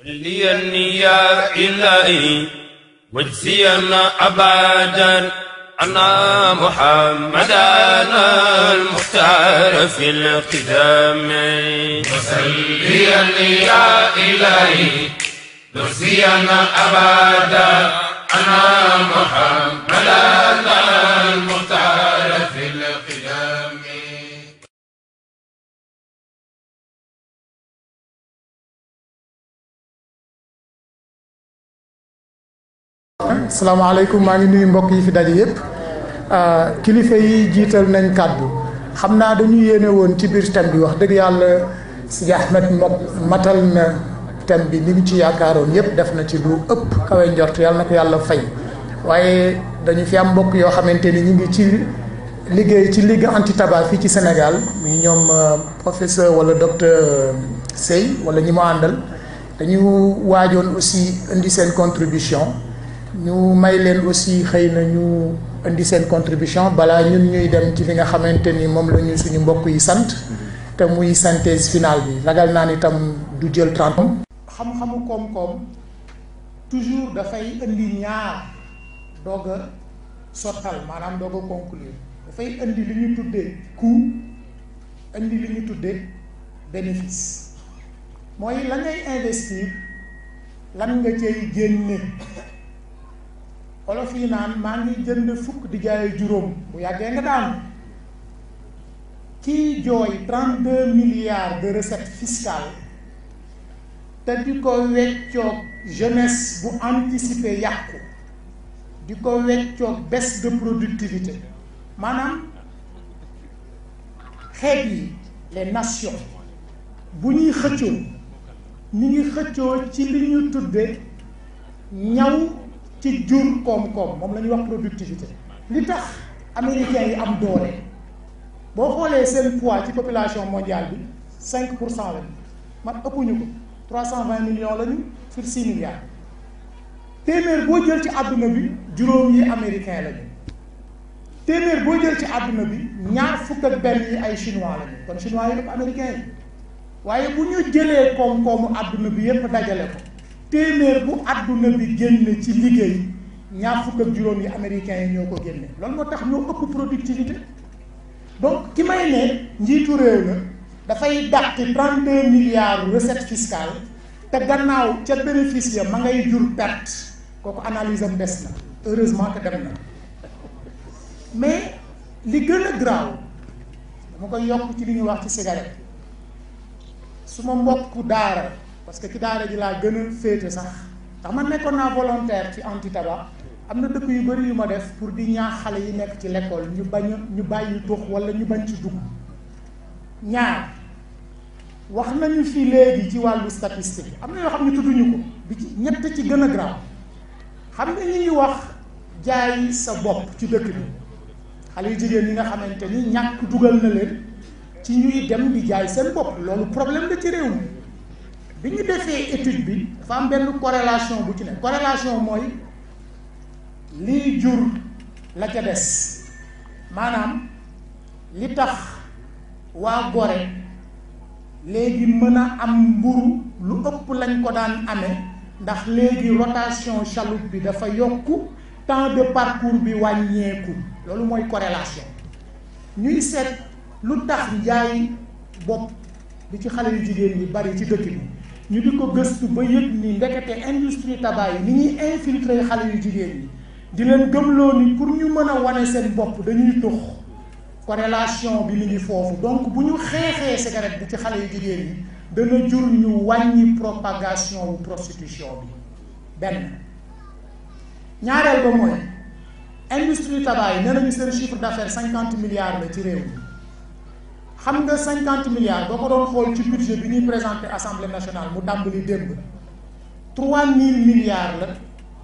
سلي النية إلهي واجزينا أبدا أنا محمدا المختار في القدام وسلي النية إلهي واجزينا أبدا أنا أنا المختار salaamaaleykum maa ngi nuyu mbokk yi fi daje yépp euh, kilifa yi jiital nañ kàddu xam naa dañu yéene woon ci biir thème bi wax dëgg yàlla Sidi Ahmed matal na thème bi ni mu ci yaakaaroon yépp def na ci lu ëpp kawe njort yàlla na ko yàlla fay waaye dañu fi am mbokk yoo xamante ni ñu ngi ci liggéey ci ligue anti tabac fii ci Sénégal muy ñoom euh, professeur wala docteur euh, Sey wala ñi mu àndal dañu waajoon aussi indi seen contribution ñu may leen aussi xëy na ñu indi seen contribution balaa ñun ñuy dem ci li nga xamante ni moom la suñu mbokk yi sant. te muy synthèse final bi ragal naa ni tam du jël trente. xam-xamu toujours dafay indi ñaar doog a sottal maanaam doog a dafay indi li ñu tuddee coût indi li ñu tuddee bénéfice mooy la ngay investir lan nga cay génne. olof yi naan maa ngi jënd fukk di jaay juróom bu yàggee nga daan kii jooy 32 milliards de recette fiscale te di ko weccoog jeunesse bu anticiper yàqu di ko weccoog baisse de productivité maanaam xeet yi les nations bu ñuy xëccoo ñu ngi xëccoo ci li ñu tudde ñaw ci jur koom-koom moom la ñuy wax productivité li tax américains yi am doole boo xoolee seen poids ci population mondial bi cinq pour cent lañu man ëppuñu ko trois cent vingt millions lañu sur six milliards téeméer boo jël ci àdduna bi juróom yi américain lañu téeméer boo jël ci àdduna bi ñaar fukk ak benn yi ay chinois lañu kon chinois yi dëpp américain yi waaye bu ñu jëlee koom-koomu àdduna bi yépp dajale ko téeméer bu àdduna bi génn ci liggéey ñaar fukk ak juróom yi américain yi ñoo ko génne loolu moo tax ñoo ëpp productivité donc ki may ne njiitu réew na dafay dàq 32 milliards recette fiscale te gannaaw ca bénéfice ya ma ngay jur perte kooku analyse am des na heureusement que dem na mais li gën a graaw dama koy yokk ci li ñuy wax ci cigarette suma mbokk daara parce que ci daara ji laa gën a féete sax ndax man nekkoon naa volontaire ci anti tabac am na dëkk yu bari yu ma def pour di ñaax xale yi nekk ci l'école ñu bañ ñu bàyyi tux wala ñu bañ ci dugg ñaar wax nañu fii léegi ci wàllu statistique am na yoo xam ne tudduñu ko bi ci ñett ci gën a grave xam nga ñuy wax jaay sa bopp ci dëkk bi xale yu jigéen yi nga xamante ni ñàkk dugal na leen ci ñuy dem di jaay seen bopp loolu problème la ci réew mi bi ñu defee étude bi dafa am benn corrélation bu ci ne corrélation mooy lii jur la ca des maanaam li tax waa Gorée léegi mën a am mburu lu ëpp lañ ko daan amee ndax léegi rotation chaloupe bi dafa yokku temps de parcours bi wàññeeku loolu mooy corrélation ñuy seet lu tax njaay bopp bi ci xale yu jigéen ñi bari ci dëkk bi ñu di ko gëstu ba ni industrie tabac ni infiltrer xale yu jigéen ñi di ni pour ñu mën seen dañuy corrélation bi donc bu nous xeexee ci xale yu jigéen ñi dana jur ñu propagation prostitution bi benn ñaareel ba mooy industrie tabac nañu chiffre d'affaires 50 milliards de ci 50 milliards boo on doon xool ci budget bi ñuy assemblée nationale mu 3 000 milliards le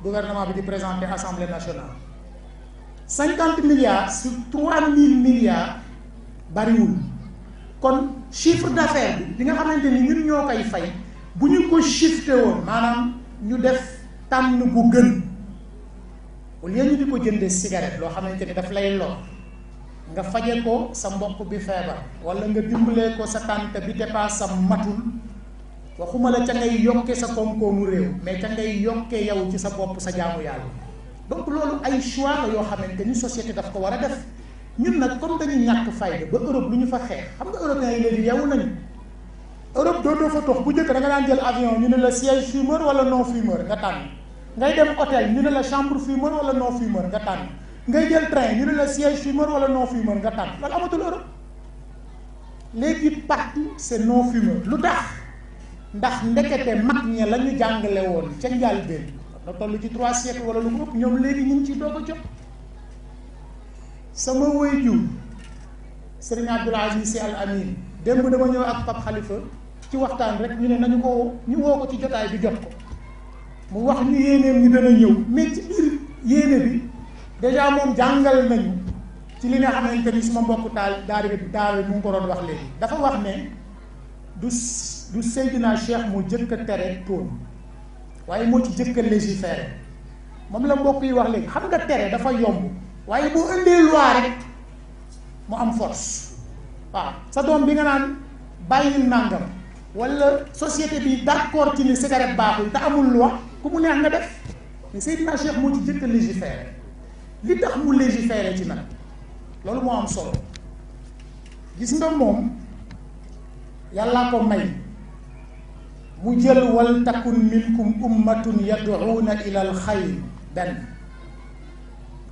gouvernement bi di présenté assemblée nationale 50 milliards sur 3 milliards bariwul kon chiffre d'affaires, il y li nga xamante de ñun ñoo nous fay bu ñu ko nous devons maanaam ñu def bu au lieu ñu di ko cigarette loo xamante daf nga faje ko sa mbokk bi feebar wala nga dimbalee ko sa tànte bi dépasse sa matul waxuma la ca ngay yokke sa koom-koomu réew mais ca ngay yokke yow ci sa bopp sa jaamu yàlla donc loolu ay choix la yoo xam xamante ni société daf ko war a def ñun nag comme dañu ñàkk fayda ba Europe lu ñu fa xeex xam nga européens yi léegi yeewu nañu Europe dootoo fa tox bu jëkk da nga daan jël avion ñu ne la siège fumeur wala non fumeur nga tànn ngay dem hôtel ñu ne la chambre fumeur wala non fumeur nga tànn nga jël train ñu ne la siège fumeur wala non fumeur nga tànn loolu amatul Europe léegi partout c'est non fumeur lu tax ndax ndekete mag ña la ñu jàngale woon ca njàlbéen na toll ci trois siècles wala lu ko ëpp ñoom léegi ñu ngi ciy doog a jot sama waajur Serigne Abdoul Aziz Sy Al Amin démb dama ñëw ak Pape Khalifa ci waxtaan rek ñu ne nañu ko ñu woo ko ci jotaay bi jot ko mu wax ñu yéeneem ñu dana ñëw mais ci biir yéene bi dèjà moom jàngal nañu ci li nga xamante ni suma mbokk taal daal di daal mu ngi ko doon wax léegi dafa wax ne du du Seydina Cheikh mu jëkk a tere tóon waaye moo ci jëkk a légiféré moom la mbokk yi wax léegi xam nga tere dafa yomb waaye boo indee loi rek mu am force waaw sa doom bi nga naan bàyyil nàngam wala société bi d'accord ci ni cigarette baaxul te amul loi ku mu neex nga def mais Seydina Cheikh moo ci jëkk a légiféré li tax mu légiféré ci nag loolu moo am solo gis nga moom yàllaa ko may mu jël wal takun minkum ummatun yad'uuna ila al xayr benn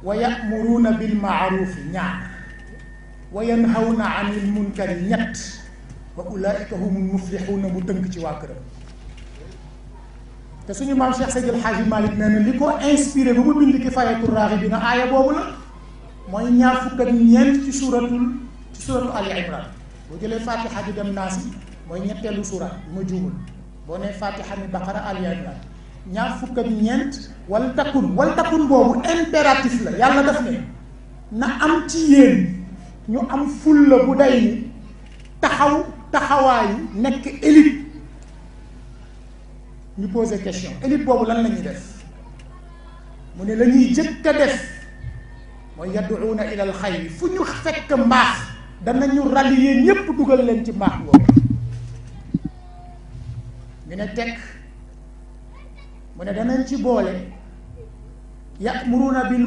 wa yamuruuna bil maarufi ñaar wa yanhawna anil munkari ñett wa ulaika humul muflixuuna mu tënk ci waa këram te suñu mam Cheikh Seydil Hadji malik nee liko inspiré bu mu bind ki fayeeku raaxi bi na aaya boobu la moy ñaar fuk ak ñeent ci suratul ci suuratu Ali Imran bo jele fatiha bi dem nasi moy ñettelu ñetteelu suura bi ma juumul boo nee fatiha ni baqara Ali Imran ñaar fuk ak ñeent wal takun wal takun bobu impératif la yàlla daf ne na am ci yéen ñu am fulla bu day taxaw taxaway nek élite ñu posé question élite boobu lan la def mu ne la ñuy jëkk a def mooy yadduuna fu ñu fekk mbaax rallier dugal leen ci mbaax boobu ñu ne tekk mu ne ci boole ya'muruna bil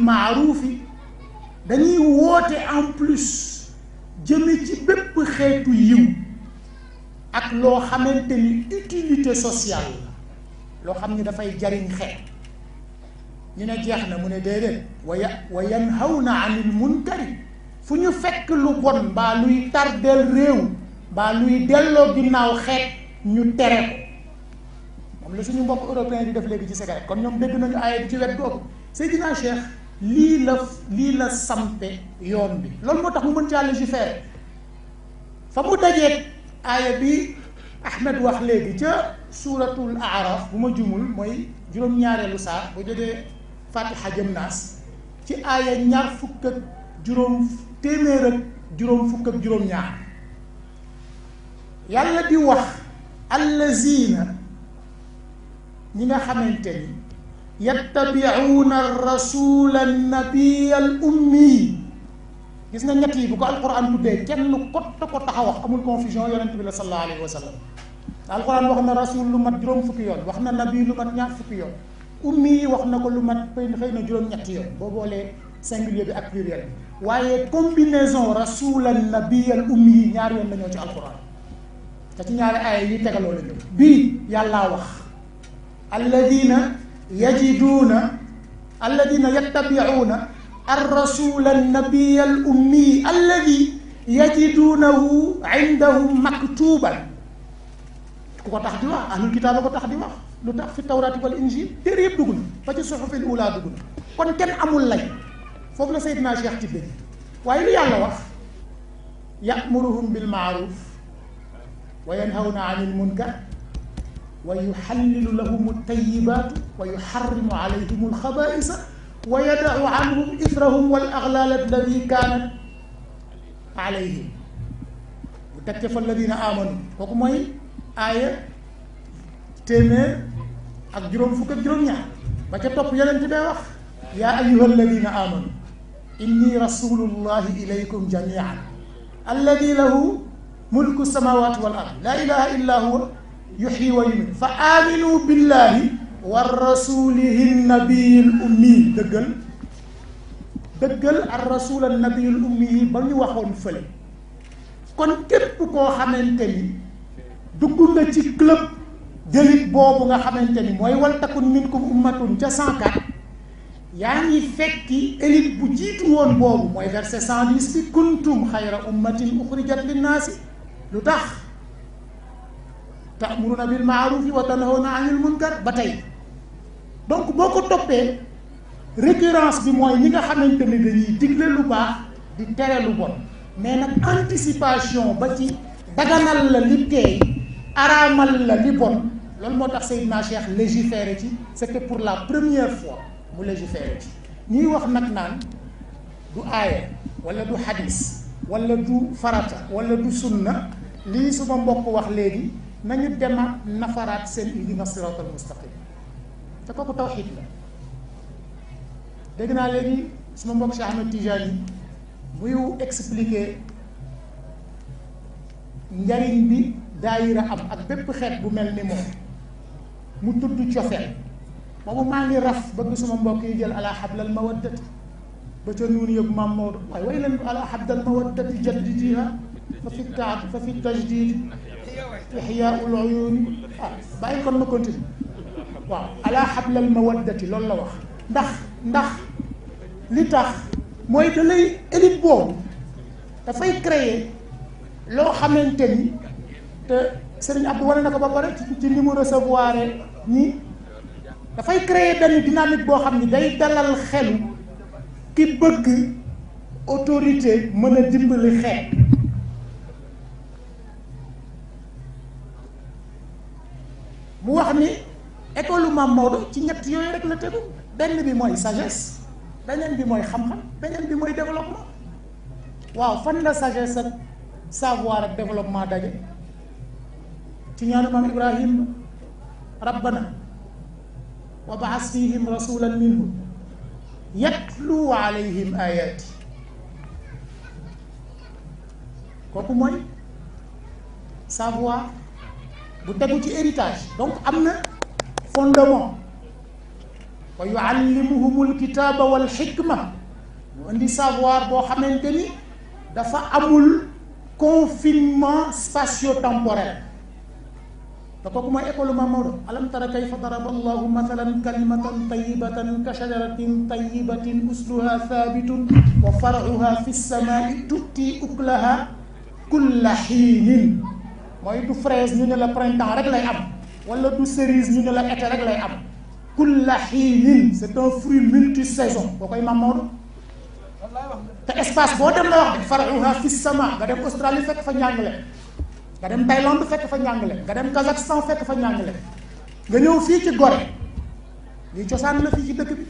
dañuy en plus jëme ci ak ni utilité sociale lo xamni da fay jariñ xex ñu ne jeex na mu ne déedéet wa ya yanhawna anil munkari fu ñu fekk lu bon ba luy tardel rew ba luy delloo ginnaw xex ñu tere ko mom la suñu mbokk européen di def legi ci cigarette kon ñom dégg nañu ayé ci wet gog Seydina Cheikh li la li la sampe yoon bi lool motax mu mën ci caa légiférer fa mu dajé ayé bi Ahmed wax legi ci suuratul aaraaf bu ma jumul mooy juróom-ñaareelu saar ba jógee fatiha jëm naas ci aaya ñaar fukk ak juróom téeméer ak juróom fukk ak juróom-ñaar yàlla di wax allazina ñi nga xamante ni yattabiuuna arrasula annabiya al ummi gis nga ñett yi bu ko alquran tuddee kenn lu kott ko a wax amul confusion yonent bi la sallallahu alayhi wa sallam القران واخنا رسول لو مات جوم فك يون واخنا نبي لو مات نياف فك يون امي واخنا كو لو مات فين خينا جوم نيات يون بو بوله سينغولير بي اكبيريال وايي كومبينيزون رسول النبي الامي نيار يون نيو تي القران تا تي نيار اي يي تغالو لي بي يالا واخ الذين يجدون الذين يتبعون الرسول النبي الامي الذي يجدونه عندهم مكتوبا ko tax di wax ahlul kitab ko tax di wax lu tax fi tawrat wal injil téere yeb dugul na ba ci suxufil ula dugul kon ken amul lay foofu la Seydina Cheikh tibbee waye lu yàlla wax ya'muruhum bil ma'ruf wa yanhawna anil munkar wa yuhallilu lahum at-tayyibat wa yuharrimu alayhim al-khaba'isa wa yad'u anhum ithrahum wal aghlal allati kanat alayhim bu teg fa alladina amanu kooku mooy aya téeméer ak juróom fuk ak juróom-ñaar ba ca topp yonent bee wax ya ayuha alladina amanu inni rasulullahi ilaykum jamian alladhi lahu mulku samawati wal ard la ilaha illa huwa yuhyi wa yumit fa aminu billahi wa rasulihi nnabiyi l ummi deugal deugal ar rasul an l ummi ba ñu waxon fële kon képp koo xamante ni dugg nga ci club d'élite boobu nga xamante ni mooy wal takun minkum ummatun ca 104 yaa ngi fekki élite bu jiitu woon boobu mooy verset 110 bi kuntum xayra ummatin uxrijat linnaasi lu tax ta'muruna bil ma'rufi wa tanhawna anil munkar ba tey donc boo ko toppee récurrence bi mooy li nga xamante ni digle lu baax di tere lu bon mais nag anticipation ba ci daganal la li teey pour la li bon motax Cheikh pour la première fois mu légiféré ci wax nak nan du avons wala du hadis wala du farata wala du sunna li suma mbokk wax léegi nañu nafarat sen indi siratal mustaqim ta nous avons la nous suma mbokk Cheikh Ahmed Tijani expliquer daayira am ak bépp xeet bu mel ni moom mu tudd cofeel boobu maa ngi raf ba gisuma mbokk yi jël ala xablal mawaddati ba ca nuun yëg maam Maodo waaye way leen ala xablal mawaddati jaddidiha fa fi taat fa fi tajdid ixyaaul uyuuni ah bàyyi kon ma continue waaw ala xablal mawaddati loolu la wax ndax ndax li tax mooy da lay élite boobu dafay créer loo xamante ni te Serigne Abdou wane na ko ba pare ci li mu recevoir ñi dafay créer benn dynamique boo xam ni day dalal xelu ki bëgg autorité mën a dimbali xeet mu wax ni école Maam Maodo ci ñett yooyu rek la tegu benn bi mooy sagesse beneen bi mooy xam-xam beneen bi mooy développement waaw fan la sagesse ak savoir ak développement daje تنيان امام ابراهيم ربنا وبعث فيهم رسولا منهم يتلو عليهم اياتي كوكو موي سافوا بو تيغو تي هيريتاج دونك امنا فوندامون ويعلمهم الكتاب والحكمه وعندي سافوار بو خامنتيني دا فا امول كونفينمون سباسيو تمبوريل te kooku mooy école Maam Maodo alam tara kayfa daraba allahu mathalan kalimatan tayyibatan ka shajaratin tayyibatin usluha thabitun wa far'uha fi samaai tu'ti uklaha kulla xiinin mooy du fraise ñu ne la printemps rek lay am wala du cerise ñu ne la été rek lay am kulla xiinin c'est un fruit multisaison boo koy Maam Maodo te espace boo dem la wax de far'uha fi sama nga dem Australie fekk fa njàngale nga dem Thaïlande fekk fa njàngale nga dem Kazakhstan fekk fa njàngale nga ñëw fii ci Gorée lii cosaan la fii ci dëkk bi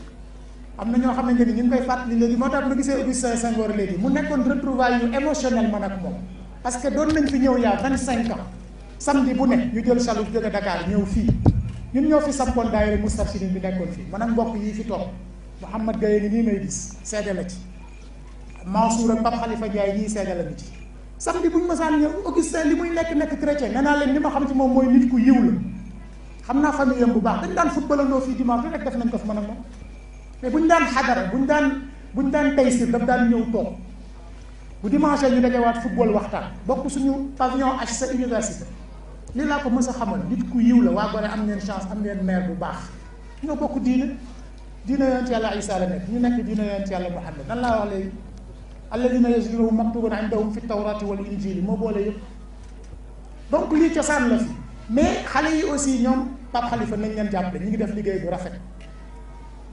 am na ñoo xamante ni ñu ngi koy fàttali léegi moo tax ma gisee Augustin Senghor léegi mu nekkoon retrouvailles yu émotionnel man ak moom parce que doon nañ fi ñëw yaa vingt cinq ans samedi bu nekk ñu jël chaloupe jóge Dakar ñëw fii ñun ñëw fi sampoon daayira Moustarchidine bi nekkoon fii man ak mbokk yii fi toog Mouhamad Gaye ngi nii may gis seede la ci Mansour ak Pape Khalifa Ndiaye ñii seede la ci samedi bi buñ masaan ñëw Augustin li muy nekk nekk chrétien nee naa leen ni ma xam ci moom mooy nit ku yiw la xam naa famille am bu baax dañ daan footballandoo fii dimanche rek def nañ ko fa man ak moom mais buñ daan xadara buñ daan buñ daan taysir daf daan ñëw toog bu dimanche ñu dajewaat football waxtaan bokk suñu pavillon H sa université li laa ko mës a xamal nit ku yiw la waa Gorée am ngeen chance am ngeen maire bu baax ñoo bokk diine diine yonent yàlla Isa la nekk ñu nekk diine yonent yàlla Muhammad nan laa wax léegi alladina yazlimuhum maktubun indahum fi tawrati wal injili moo boole yëpp donc lii cosaan la fi mais xale yi aussi ñoom Pape Khalifa nañ leen jàppale ñu ngi def liggéey bu rafet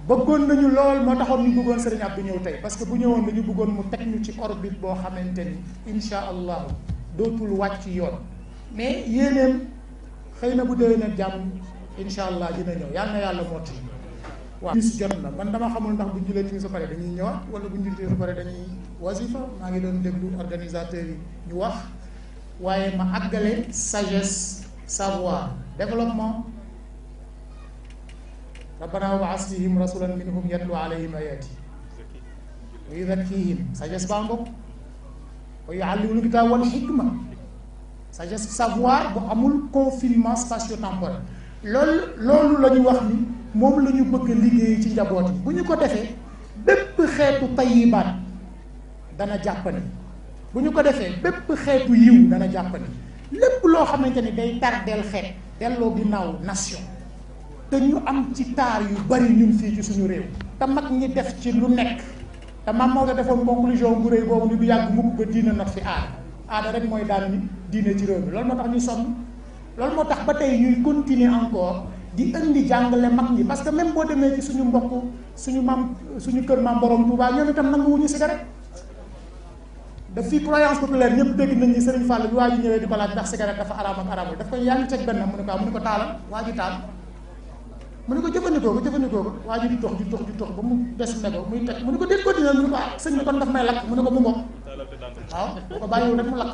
bëggoon nañu lool moo taxoon ñu bëggoon Serigne Abdou ñëw tey parce que bu ñëwoon ñu bëggoon mu teg ñu ci orbite boo xamante ni insha allahu dootul wàcc yoon mais yéeneen xëy na bu déwénee jàmm insha allah dina ñëw yàlla na yàlla motti waaw bis jot na man dama xamul ndax bu ñu jullee timis ba pare dañuy ñëwaat wala bu ñu jullee timis ba pare dañuy wasifa maa ngi doon déglu organisateur yi ñu wax waaye ma àggale sagesse savoir développement rabbana wa asihim rasulan minhum yatlu alayhim ayati wa yuzakkihim sagesse baa ngoog wa yuallimul kitaab wal hikma sagesse savoir bu amul confinement spatio temporel loolu loolu la wax ni moom la ñu bëgg liggéey ci njaboot yi bu ñu ko defee bépp xeetu tayibaat dana jàppani bu ñu ko defee bépp xeetu yiw dana jàppani lépp loo xamante ni day del xeet delloo ginnaaw nation te ñu am ci taar yu bari ñun fii ci suñu réew te mag ñi def ci lu nekk te maam Maodo defoon conclusion bu réy boobu ni bu yàgg mukk ba diina not fi aada aada rek mooy daan ni diine ci réew mi loolu moo tax ñu sonn loolu moo tax ba tey ñuy continuer encore di indi jangale mag ni parce que même bo demé ci suñu mbokk suñu mam suñu kër mam borom touba ñoom wuñu ci cigarette da fi croyance populaire ñepp dégg nañ ni Serigne Fall bi waji ñëwé di balat laaj ci cigarette dafa araam ak araamul daf koy yaa ngi teg benn mu ne ko mu ne ko taalal waji ji taal mu ne ko jëfandikoo ko jëfandikoo ko waji di tok di tok di tok ba mu des ne muy tek mu ne ko ko dina mu ne ko ah kon daf may lak mu ne ko mu ngoog waaw ko bàyyiwul rek mu lak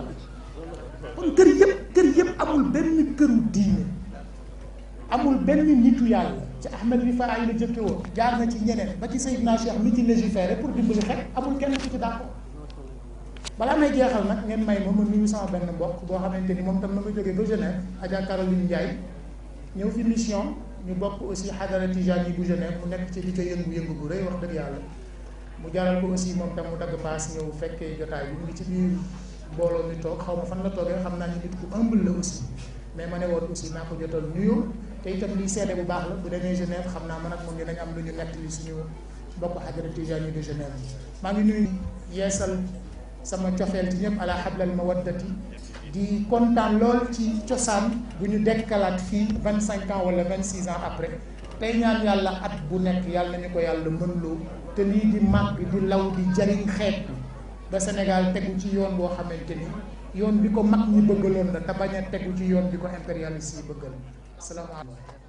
kon kër yëpp kër yëpp amul benn këru diiné amul benn nitu yàlla ci Ahmed Rifaay yi la jëkke woon jaar na ci ñeneen ba ci Seydina Cheikh mi ci légiféré pour dimbali xel amul kenn ku ci d'accord balaa may jeexal nag ngeen may ma ma nuyu sama benn mbokk boo xamante ni moom tam na ma jógee ba Genève Adja Caroline Ndiaye ñu bokk aussi xadara tijaan yi bu Genève mu nekk ci li ca yëngu-yëngu bu rëy wax dëgg yàlla mu jaral ko aussi moom tam mu dagg paas ñëw fekkee jotaay bi mu ngi ci biir mbooloo mi toog xaw ma fan la toogee xam naa ni nit ku humble la aussi mais ma ne woon aussi naa ko jotal nuyu te itam liy seede bu baax la bu demee Genève xam naa man ak moom dinañ am lu ñu nettali suñu mbokk xajara tijaan yi de Genève maa ngi nuyu yeesal sama cofeel ci ñëpp ala hablal mawaddati di kontaan lool ci cosaan bu ñu dekkalaat fii vingt cinq ans wala vingt six ans après tey ñaan yàlla at bu nekk yàlla nañu ko yàlla mënloo te lii di màgg di law di jariñ xeet bi ba Sénégal tegu ci yoon boo xamante ni yoon bi ko mag ñi bëggaloon la te bañ a tegu ci yoon bi ko impérialiste yi bëggal السلام عليكم